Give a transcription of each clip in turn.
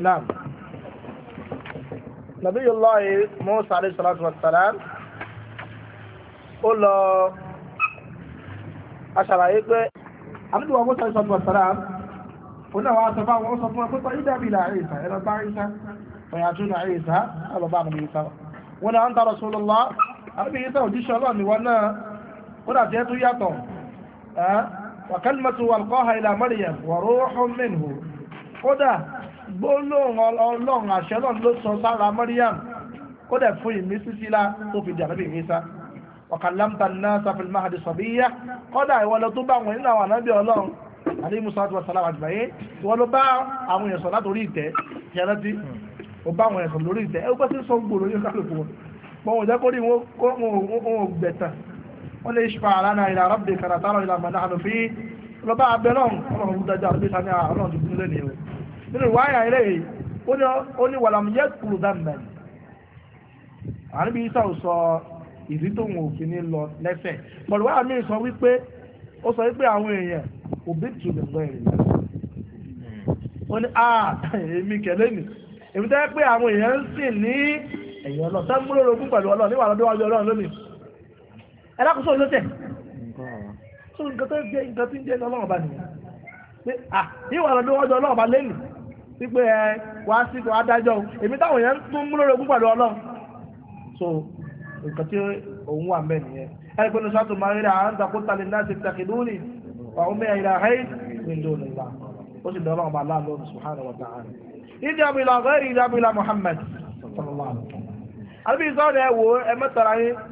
نعم نبي الله موسى عليه الصلاة والسلام ó lọ aṣàlàyé pé àdúgbò ọmọ sọ ìṣọ́tù ọ̀sára òun náà wá sọ fáwọn ó sọ fún ọpẹ́pẹ́ ìdàbí ilẹ̀ àìsà ẹ̀rọ bá ìṣà ọ̀yàtún ní àìsà ọlọ́bà àmì ìṣà wọn náà ń tọrọ sọ lọ́lá wàkálùmọ́tò alqaha ila Maryam wa ruhun minhu kódà gbólóhùn ọlọ́run àṣẹ náà ló sọ sára Maryam kódà fún ìmísísílá tó fi di ànábì Ìsá wàkàlámta náà sáfìl mahadi sọ̀bíyá kódà ìwọlọ tó bá wọn nínú àwọn ànábì ọlọ́run àlẹ́ musaadu wasalaamu àjùmáyé ìwọlọ bá àwọn èèyàn sọ látòrí ìtẹ́ yẹrẹtí ó bá àwọn èèyàn sọ lórí ìtẹ́ ẹ gbọ́dọ̀ sọ wọ́n lè ṣùpá àlànà ìlà rọ́bì kàràtàrọ̀ ìlà mọ̀nà àlùfí lọ́bà abẹ́lọ́n ọlọ́run mú dájọ́ àlùfí sani ọlọ́run ti kúrú lẹ́nu o nínú wáyà ilé yìí ó ní wàlámù yẹ kúrú dáńbẹ̀ àníbi isa ò sọ ìdí tó ń òfin ní lọ lẹ́sẹ̀ pọ̀lú wáyà mi sọ wípé ó sọ wípé àwọn èèyàn òbí tù lè gbọ́ èrè ó ní a èmi kẹ̀lé mi èmi tẹ́ pé àwọn èèyàn ń ẹ̀dákùn sóò ló tẹ̀ so nǹkan tó jẹ́ nǹkan tí ń jẹ́ ọlọ́run ọba nìyẹn pé ah yíwà lọ bí wọ́n jọ ọlọ́run ọba lẹ́nu wípé ẹ wá sí kò adájọ́ èmi táwọn èèyàn tún mú lórí ogún pẹ̀lú ọlọ́run so nǹkan tí òun wà mẹ́ nìyẹn ẹni pé nusra tó máa ń rí àwọn àwọn takóta lè náà ti tẹkidúnì àwọn mẹ́rin ìlà ayé ní ìlú ònílà ó sì dọ́rọ̀ ọba aláàlọ́ subhanahu wa ta'ala ìdí Muhammad sallallahu alaihi wa sallam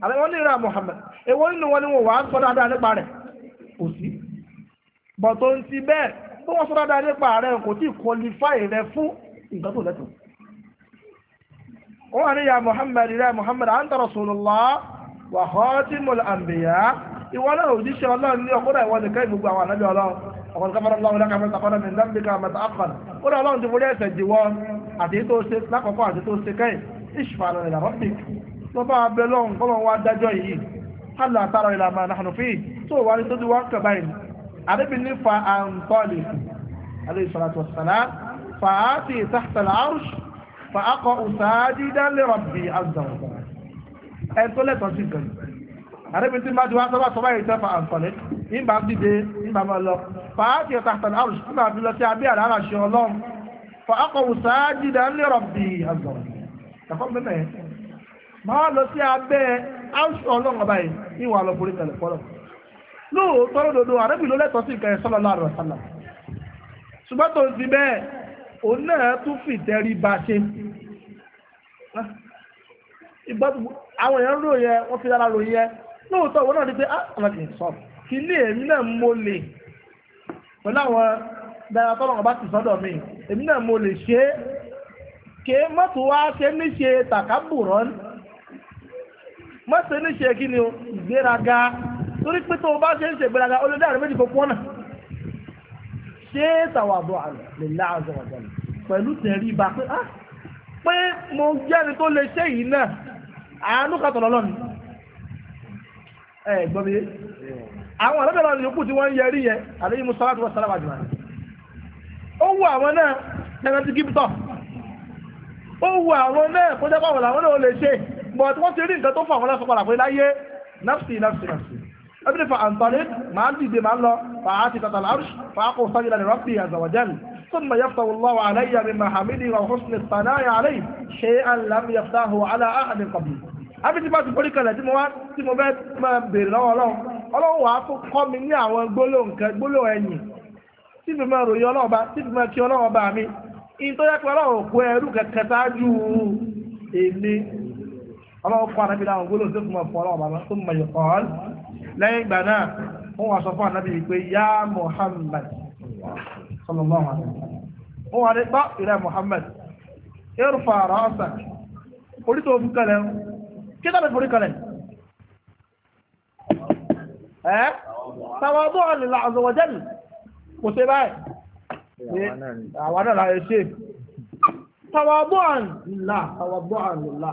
àbẹ wọn nira Muhammad èwo nínú wọn ni wọn wà á sọ dáadáa nípa rẹ̀ kò sí bọ̀tò ń ti bẹ́ẹ̀ bí wọ́n sọ dáadáa nípa rẹ̀ kò tí ì kọlifáì rẹ̀ fún ìgbà tó lẹ́tọ̀ọ́ wọ́n ní ya Muhammad rẹ̀ Muhammad anta Rasulullah wa khatimul anbiya ìwọ náà òjíṣẹ́ ọlọ́run ní ọkọ́dà ìwọ nìkan ìgbogbo àwọn ànábì ọlọ́run ọkọ̀dà káfàrà ọlọ́run lákàfà sàkọ́dà mi dámbíkà mẹ́ta àkọ́dà kódà ọlọ́run ti forí ẹ̀sẹ̀ jìwọ́ àti tó ṣe lákọ̀ọ́kọ́ àti tó ṣe kẹ́yìn ìṣùfà lọ́rẹ̀ lọ́rọ̀ lọ bá abẹ lọ́hùn kọ́lọ́n wá dájọ́ yìí hálà àtàrà ìlànà àhànà fi tó wà ní tóbi wá ń kàbá yìí àdébí ní fa àǹtọ́lì alẹ́ ìsọ̀rọ̀ àtọ̀sọ̀lá fa á ti ìtàkìtàlà àrùs fa á kọ òsàájì dálé rọ̀bì àzàwọ̀ ẹ̀ tó lẹ́tọ̀ọ́ sí nǹkan àdébí tí má ti wá sọ́wọ́ sọ́wọ́ yìí tẹ́ fa àǹtọ́lì máa lọ sí abẹ́ áṣù ọlọ́run ọba yìí níwà lọ borí tẹ̀lẹ̀ fọ́lọ̀ lóòótọ́ lódodo àrẹ́bì ló lẹ́tọ̀ọ́ sí ìkẹyẹ sọ́lọ́ láàrọ̀ sálà ṣùgbọ́n tó ti bẹ́ẹ̀ òun náà tún fìtẹ́rí ba ṣe àwọn èèyàn rò yẹ wọ́n fi dára rò yẹ lóòótọ́ òun náà ní pé ah, ọlọ́kì sọ kí ní èmi náà mo lè pẹ̀lú àwọn dára tọ́lọ́run ọba ti sọ́dọ̀ mi èmi náà mo lè ṣe é kéé mọ́tò wá ṣe níṣe tàkàbùrọ́ni mọ́sẹ̀ ní ṣe kí ni o ìgbéraga torí pé tó o bá ṣe ń ṣe lè dá àrùn méjì kó ah pé mo jẹ́ni tó lè ṣe yìí náà àánú ẹ mi àwọn yòókù tí wọ́n ń yẹrí yẹn láti wọ́n sálábà ó wù àwọn náà tẹ̀lé ti gíptọ̀ ó wù àwọn náà kó jẹ́ but wọ́n ti rí nǹkan tó fún àwọn aláṣọ padà pé láyé nafsi nafsi nafsi ẹbí fa àǹtọ́lé máa ń dìde máa ń lọ fa ti tàtàlà arṣ fa kò sáyé lálẹ́ rọ́pì àzàwàjẹ́lì ثم يفتح الله علي من محامده وحسن الثناء عليه شيئا لم يفتحه على أحد قبلي àbí tí bá ti borí kalẹ̀ tí mo wá tí mo fẹ́ máa bèèrè lọ́wọ́ ọlọ́run ọlọ́run wàá fún kọ́ mi ní àwọn gbólóhùn kan gbólóhùn ẹ̀yìn tí fi máa ròyìn ọlọ́run bá tí fi máa kí ọlọ́run bá mi ìyìn pé ọlọ́run kó ẹrú kẹkẹ ọlọ́wọ́ fún anábì láwọn gbólóhùn tó fún mọ̀ fún ọlọ́wọ́ bàbá tó mọ̀ yọ̀kọ́ lẹ́yìn ìgbà náà wọ́n wá sọ fún anábì pé yá Muhammad sallallahu alaihi wọ́n wá dé tọ́ ìrẹ́ Muhammad irfa ra'sak orí tó fún kalẹ̀ kí tàbí forí kalẹ̀ ẹ́ tàwọ́dọ́ àlìlà àzọwọ́jẹ́lì kò sí báyìí àwọn náà láyé ṣe tàwọ́dọ́ àlìlà tàwọ́dọ́ àlìlà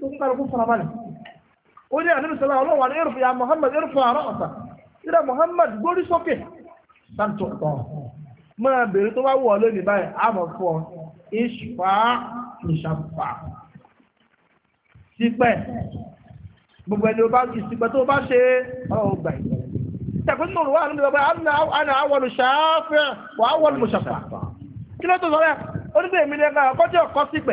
tó ń kálukú farabalẹ̀ ó ní àdébí sọlá ọlọ́wà Muhammad irfa ra'sa ìdá Muhammad gbórí sókè santo tọ̀ máa bèrè tó bá wù ọ lónìí báyìí àmọ̀ fún ọ ìṣùpá ìṣàpá sípẹ́ gbogbo ẹni o bá ti sípẹ́ tó bá ṣe ọ̀rọ̀ gbà ìgbà tẹ̀kún nínú olùwà nínú ìjọba àná àwọn olùṣàáfẹ́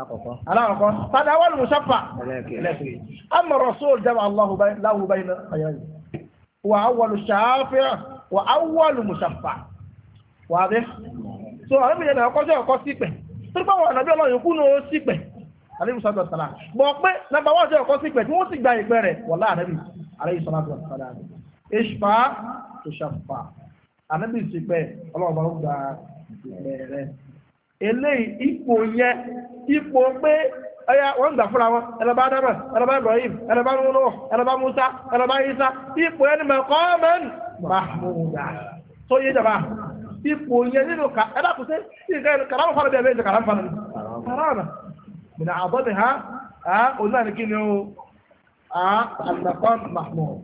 alákọ̀ọ́kọ́ tàbí àwọn olùsọ́fà ẹlẹ́kẹ̀ẹ́ amọ̀rọ̀ sóòlù dáwà aláwọ̀ báyìí ayọ́ yìí wà áwọ̀lù ṣàáfíà wà áwọ̀lù mùsàfà wà á bẹ́ so àwọn ènìyàn náà kọjọ́ ọ̀kọ́ sípẹ̀ tó nípa àwọn ànàbí ọlọ́run kú náà sípẹ̀ àlẹ́bí sọ́dọ̀ sàlá bọ̀ pé nàbà wọ́n jẹ́ ọ̀kọ́ sípẹ̀ tí wọ́n sì gba ìpẹ́ rẹ̀ wọ̀lá ànàbí àlẹ́bí sọ́dọ̀ sàlá ìṣfà tó ṣàfà ànàbí sípẹ̀ ọlọ́run bá ń gba ìpẹ́ eléyìí ipò yẹn ipò pé ẹyà wọ́n gbà fúnra wọn ẹlọ́bá dámà ẹlọ́bá ibrahim ẹlọ́bá múnúwọ̀ ẹlọ́bá musa ẹlọ́bá isa ipò ẹni mẹ́kọ́ mẹ́rin mahmuda tó yé jàmbá ipò yẹn nínú ká ẹ̀dá kò sí ìgbà ẹni kàrámù fara bí ẹ̀bẹ̀ ìjọ kàrámù fara kàrámù bìnà àbọ̀ mi ha ha onílà ní kí ni o ha àlùmọ̀kọ́ mahmud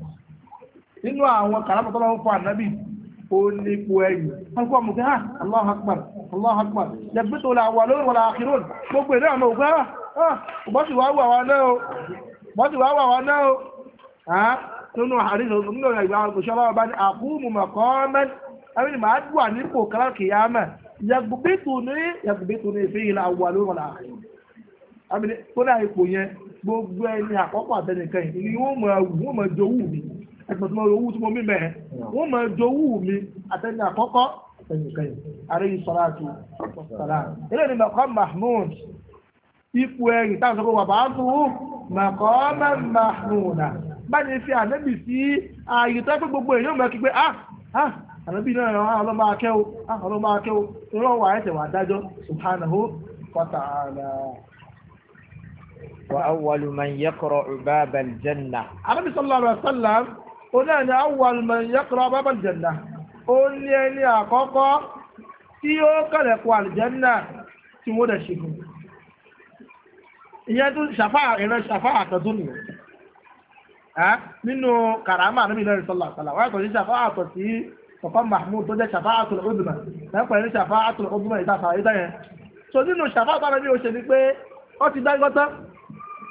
nínú àwọn kàrámù tó lọ́wọ́ fún ànábì onípo ẹ̀yìn ọkọ̀ mùkẹ́ hàn Allahu Akbar Allahu Akbar lẹ́gbẹ́ tó la wà lórí wọ̀lá àkíròn gbogbo ìdá àmọ́ òkú hàn ah, ah, bọ́sì wà wà wà náà o bọ́sì wà wà wà náà o nínú àríṣà nínú ìgbà òṣèlú ọba ní àkúmù mọ̀kọ́mẹ́n ẹni màá dùà nípò káràkìyàmẹ́ yàgbùgbìtù ní yàgbùgbìtù ní ìfẹ́ ìlà wà lórí wọ̀lá àkíròn tó náà ẹgbẹ̀tùmọ̀ owó tí mo mí mẹ́ wọ́n máa jowú mi àtẹni àkọ́kọ́ àtẹnìkẹyìn àríyí sọ́láàtù sọ́lá ilé ni mẹ́kọ́ mahmoud ipò ẹ̀yìn táwọn sọ pé wà bá tó mẹ́kọ́ mahmoud báyìí fi ànábì sí ààyè tó pé gbogbo èèyàn mẹ́kí pé ah ah ànábì náà ọlọ́mọ akẹ́wò ah ọlọ́mọ akẹ́wò ìrọ̀wọ̀ àyẹ̀tẹ̀ wà dájọ́ subhanahu wa ta'ala وأول من يقرأ باب الجنة النبي صلى الله náà ni awwal man yaqra bab jannah ó ní ẹni àkọ́kọ́ tí ó kẹ̀lẹ̀kọ́ àlìjẹ́nà tí wọ́n dẹ̀ ṣe fún ìyẹn tó ṣàfáà ìran ṣàfáà kan tó nìyẹn nínú karama níbi ìlọrin sọlá sọlá wọ́n yàtọ̀ sí ṣàfáà tọ̀ sí ọ̀kan mahmud tó jẹ́ ṣàfáà tó lọ́dúnmọ̀ so nínú ṣàfáà tó lọ́dúnmọ̀ ìṣe ni pé ó ti dáńgọ́tán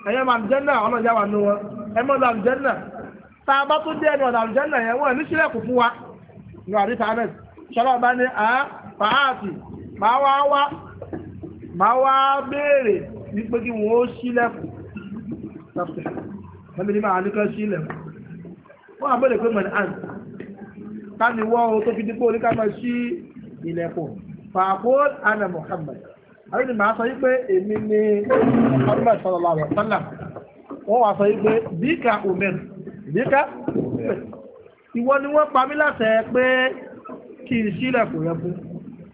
ẹ̀yẹ́ màmjẹ́nà ọlọ́jà wà nù tá a bá tó dé ẹni ọ̀nà àlùjánnà yẹn wọ́n ní sílẹ̀kùn fún wa ní àrí tààrẹ̀ ṣọlá ọba ní à pàáàtì máa wá wá máa wá béèrè ní pé kí wọ́n ó sílẹ̀kùn lẹ́mi ní máa ní kán sílẹ̀kùn wọ́n á béèrè pé mọ̀ ní àn ká wọ́n o tó fi dípò oníká máa sí ilẹ̀kùn fàákóòl ànà Muhammad àwọn ènìyàn máa sọ yí pé èmi ni Muhammad sallallahu alaihi wasallam wọ́n wá sọ yí pé bí ká omen ìdíkà ìwọ ni wọ́n pa mí láṣẹ pé kí n ṣílẹ̀kùn yẹn fún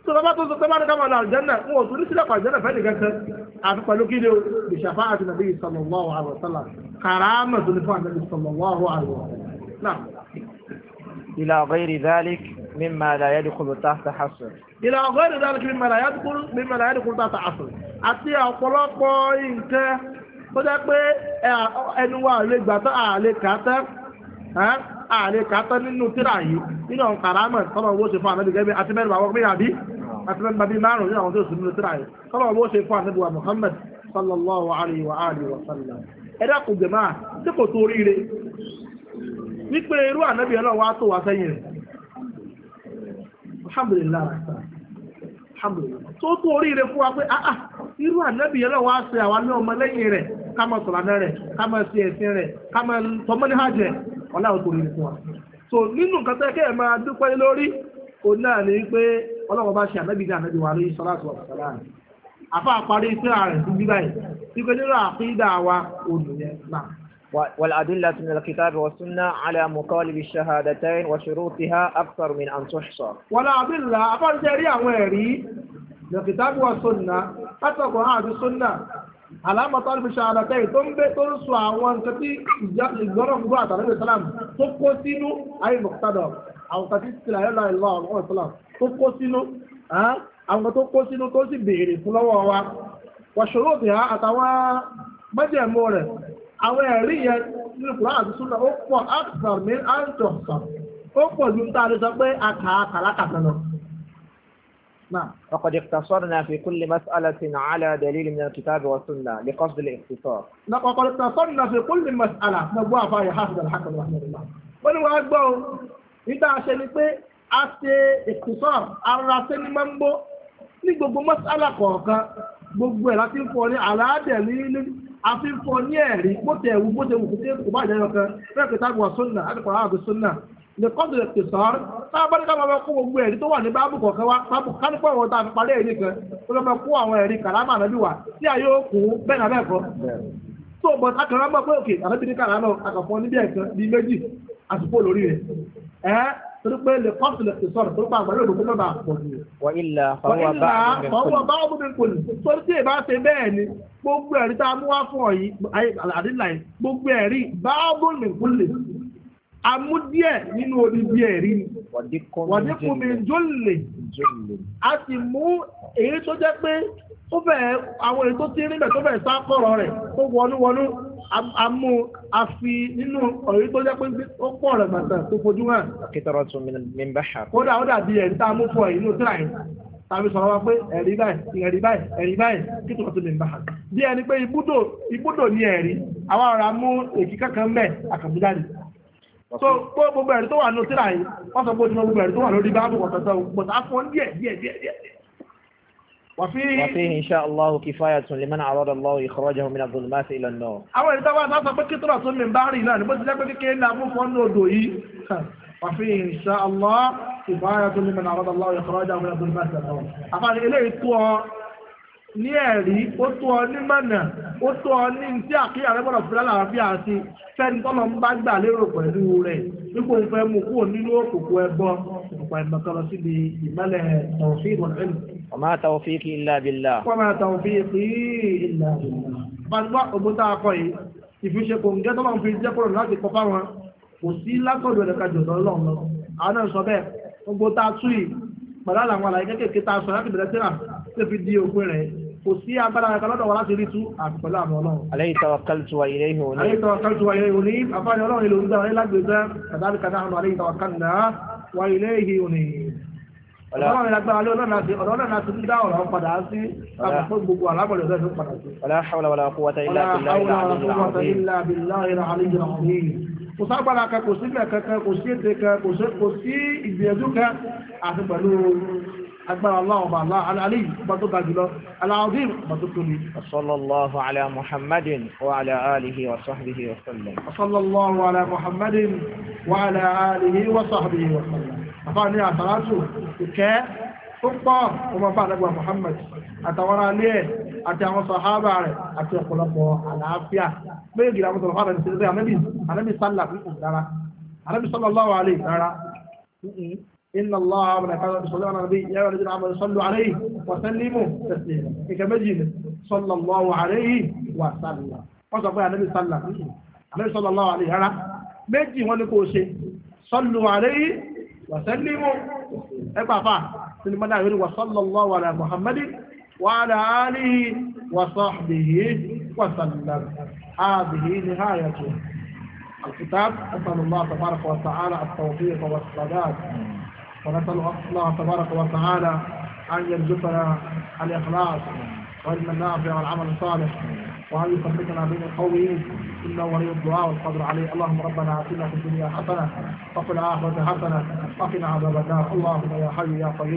tó bá tó sọ pé bá ní káwọn ọ̀nà àlùjẹ́nà ń wọ̀ tó ní sílẹ̀kùn àlùjẹ́nà fẹ́ẹ́ nìkan kan àti pẹ̀lú kí ni o bìṣàfà àti nàbí sallallahu alaihi wasallam kàràmà tó ní fún àbẹ̀bí sallallahu alaihi wasallam. ila ghairi dhalik mimma la yadkhulu tahta hasr. ila ghairi dhalik mimma la yadkhulu mimma la yadkhulu tahta hasr àti ọ̀pọ̀lọpọ̀ nǹkan tó jẹ́ pé ẹnu wa àlè gbàtọ́ àlè kàtẹ́ àlè kàtẹ́ nínú tíra yìí nínú àwọn kàrámọ̀ tọ́lọ̀ owó ṣe fún àmẹ́bí gẹ́gẹ́ àti mẹ́rin àwọn pínlẹ̀ àbí àti mẹ́rin bàbí márùn-ún nínú àwọn tó sùn nínú tíra yìí tọ́lọ̀ owó fún àmẹ́bí wa Muhammad sallallahu alayhi wa alihi wa sallam ẹ̀dá kò jẹ̀ máa tí kò tó ríire wípé irú ànábì ọlọ́wọ́ á tó wá sẹ́yìn rẹ̀ alhamdulillah fún wa pé ah, ah, irú ànábì ọlọ́wọ́ á ṣe àwọn ọmọ lẹ́yìn rẹ̀ ká máa sọ̀lànà rẹ̀ ká máa ṣe ẹ̀sìn rẹ̀ ká máa tọmọ́ ní hajj rẹ̀ ọ̀la òkú rẹ̀ wa. so nínú nǹkan tẹ́ kẹ́ ẹ̀ máa dúpẹ́ lórí òun náà ni pé ọlọ́wọ́ bá ṣe ànábì ní ànábì wa lórí sọ́lá àtúwọ̀ sọ́lá rẹ̀ àfa àparí sí ààrẹ sí bíbá yìí tí pé nínú àfíìdá wa olùyẹn náà. والأدلة من الكتاب والسنة على مطالب الشهادتين وشروطها أكثر من أن تحصى والأدلة أفضل جريعة ويري من الكتاب والسنة حتى القرآن السنة alámọ̀tọ́ ní fi ṣe àdàtẹ́ tó ń gbé tó ń sọ àwọn nǹkan tí ìgbọ́rọ̀ ń gbọ́ àtàlẹ́ ìsàlám tó kó sínú ayé mọ̀kútàdọ̀ àwọn nǹkan tí ìsìlẹ̀ ayé láì lọ àwọn ìsàlám tó kó sínú àwọn nǹkan tó kó sínú tó sì béèrè fún lọ́wọ́ wa wàṣọ́rọ́ òbí ha àtàwọn májẹ̀mú rẹ̀ àwọn ẹ̀rí yẹn nínú kùrán àti súnà ó pọ̀ àkàrà mi àǹtọ̀ọ̀sán ó pọ̀ ju ń tà نعم وقد اقتصرنا في كل مسألة على دليل من الكتاب والسنة لقصد الاختصار وقد اقتصرنا في كل مسألة نبوع فاي حافظ الحكم رحمه الله ولو أكبر إذا شنك أتي اختصار الرسل منبو ní gbogbo mọ́sálà kọ̀ọ̀kan gbogbo ẹ̀ láti ń fọ ní àlàádẹ̀lì ní àfihàn ní ẹ̀rí bó tẹ̀ wù bó tẹ̀ wù kó tẹ̀ kò bá jẹ́ ọ̀kan fẹ́ẹ̀kì tágbà sọ́nà àti kọ̀ọ̀rọ̀ àti sọ́nà nìkọ́dù ìtìsọ́r tábàdé ká máa kó gbogbo ẹ̀rí tó wà ní báàbù kọ̀ọ̀kan wá báàbù kánípọ̀ ìwọ̀n tá a fi parí ẹ̀rí kan tó lọ́ máa kó àwọn ẹ̀rí kàlámà ànábì wá tí a yóò kú bẹ́ẹ̀ náà bẹ́ẹ̀ kọ́. tó bọ̀ akàrà máa pé òkè ànábì ní kàlámà àkàfọ́ níbi ẹ̀kan ní méjì àsìkò lórí rẹ̀ ẹ́ torí pé nìkọ́dù ìtìsọ́r tó bá àgbàdo òdòdó náà pọ̀ jù. bá gbogbo ẹ̀rí tá bá ọmọ amú díẹ̀ nínú orí díẹ̀ rí ni wàdíkù mi jólè a sì mú èyí tó jẹ́ pé ó bẹ̀ẹ̀ àwọn èyí tó ti rí bẹ̀ tó bẹ̀ẹ̀ sá kọ̀rọ̀ rẹ̀ tó wọnúwọnú amú àfi nínú ọ̀rẹ́ tó jẹ́ pé ó pọ̀ rẹ̀ gbàtà tó fojú hàn. akitọrọ tún mi ń bá ṣà. kódà ó dàbí ẹ̀rí tá a mú fún ẹ̀ inú tíra yìí tàbí sọ̀rọ̀ wa pé ẹ̀rí báyìí ẹ̀rí báyìí ẹ̀rí báyìí kí tọrọ tún mi bá ṣà. bí ẹni pé ibùdó ibùdó ni ẹ̀rí àwọn ará mú èkí kankan mẹ́ àkàmúdáni so gbogbo ẹ̀rí tó wà ní òtíra yìí wọ́n sọ gbogbo gbogbo ẹ̀rí tó wà lórí báàbù ọ̀tọ̀tọ̀ but a fún díẹ̀ díẹ̀ díẹ̀ díẹ̀ wàfíì insha Allah kìfáyà tún lè mẹ́nà àrọ́dọ̀ lọ́wọ́ ìkọrọ́jẹ́ omi náà gbọ́dọ̀ máa fi ilẹ̀ náà. àwọn ìta wa sọ pé kíkọ́ra tó mi bá rìn náà ni bó ti jẹ́ pé kékeré ní abúfọ́ ní odò yìí wàfíì insha Allah kìfáyà tún lè mẹ́nà àrọ́dọ̀ lọ́wọ́ ìkọrọ́jẹ́ omi náà gbọ́dọ̀ máa ilẹ̀ náà. àfààní eléyìí tó ọ ní ẹ̀rí ó tó ọ ní mọ̀nà ó tó ọ ní tí àkíyà rẹ gbọ́dọ̀ fúnra làáfíà sí fẹ́ni tọ́lọ ń bá gbà lérò pẹ̀lú rẹ̀ wípé òun fẹ́ mú kúrò nínú òkòkò ẹbọ ọ̀pọ̀ ìmọ̀kan lọ síbi ìmọ̀lẹ̀ tawfiq wal sí lákọ̀dọ̀ ẹ̀ka jọ̀dọ̀ ọlọ́run lọ fi di òpin rẹ̀ kò sí agbára ẹ̀ka lọ́dọ̀ wa láti rí tú àti pẹ̀lú àmọ́ ọlọ́run. alayhi tawakkaltu wa ilayhi unib. alayhi tawakkaltu wa ilayhi unib àfáàní ọlọ́run ilé olùdá ọ̀rẹ́ lágbègbè kadhalika nahnu alayhi tawakkalna wa ilayhi unib. ọlọ́run lágbára lé ọlọ́run láti ọlọ́run láti dá ọ̀rọ̀ padà sí àpapọ̀ gbogbo alábọ̀lẹ̀ ọ̀rẹ́ tó padà sí. wala hawla wala quwwata illa billahil aliyyil azim kò ságbára kan kò sí mẹ́ẹ̀kan kan kò sí ète kan kò sí ìgbìyànjú kan àti pẹ̀lú agbára aláwọ̀ bá aláàlì ọba tó ga jùlọ aláàdín ọba tó tóbi. sallallahu ala muhammadin wa ala alihi wa sahbihi wa sallam. sallallahu ala muhammadin wa ala alihi wa sahbihi wa sallam. àfa ní àtàlátù ìkẹ́ ó pọ̀ ọmọ bá àdàgbà muhammad àtàwọn alẹ́ ẹ̀ àti àwọn sàhábà rẹ̀ àti ọ̀pọ̀lọpọ̀ àlàáfíà méjì àwọn sọ̀rọ̀ fáwọn ẹ̀sìn rẹ̀ anábì sálà fún òun rárá anábì sallallahu alaihi rárá إن الله عمل حالة صلى الله عليه يا ولدين عمل صلوا عليه وسلموا تسليما إيكا مجيب صلى الله عليه وسلم وصف يا نبي صلى عليه صلى الله عليه هلا مجي هو نكوشي صلوا عليه وسلموا إيكا فا سلم الله يقول وصلى الله على محمد وعلى آله وصحبه وسلم هذه نهاية الكتاب أسأل الله تبارك وتعالى التوفيق والصلاه ونسأل الله تبارك وتعالى أن يرزقنا الإخلاص والعلم النافع والعمل الصالح وأن يثبتنا بين القويين إنه ولي الدعاء والقدر عليه اللهم ربنا آتنا في الدنيا حسنة وفي الآخرة حسنة وقنا عذاب النار اللهم يا حي يا قيوم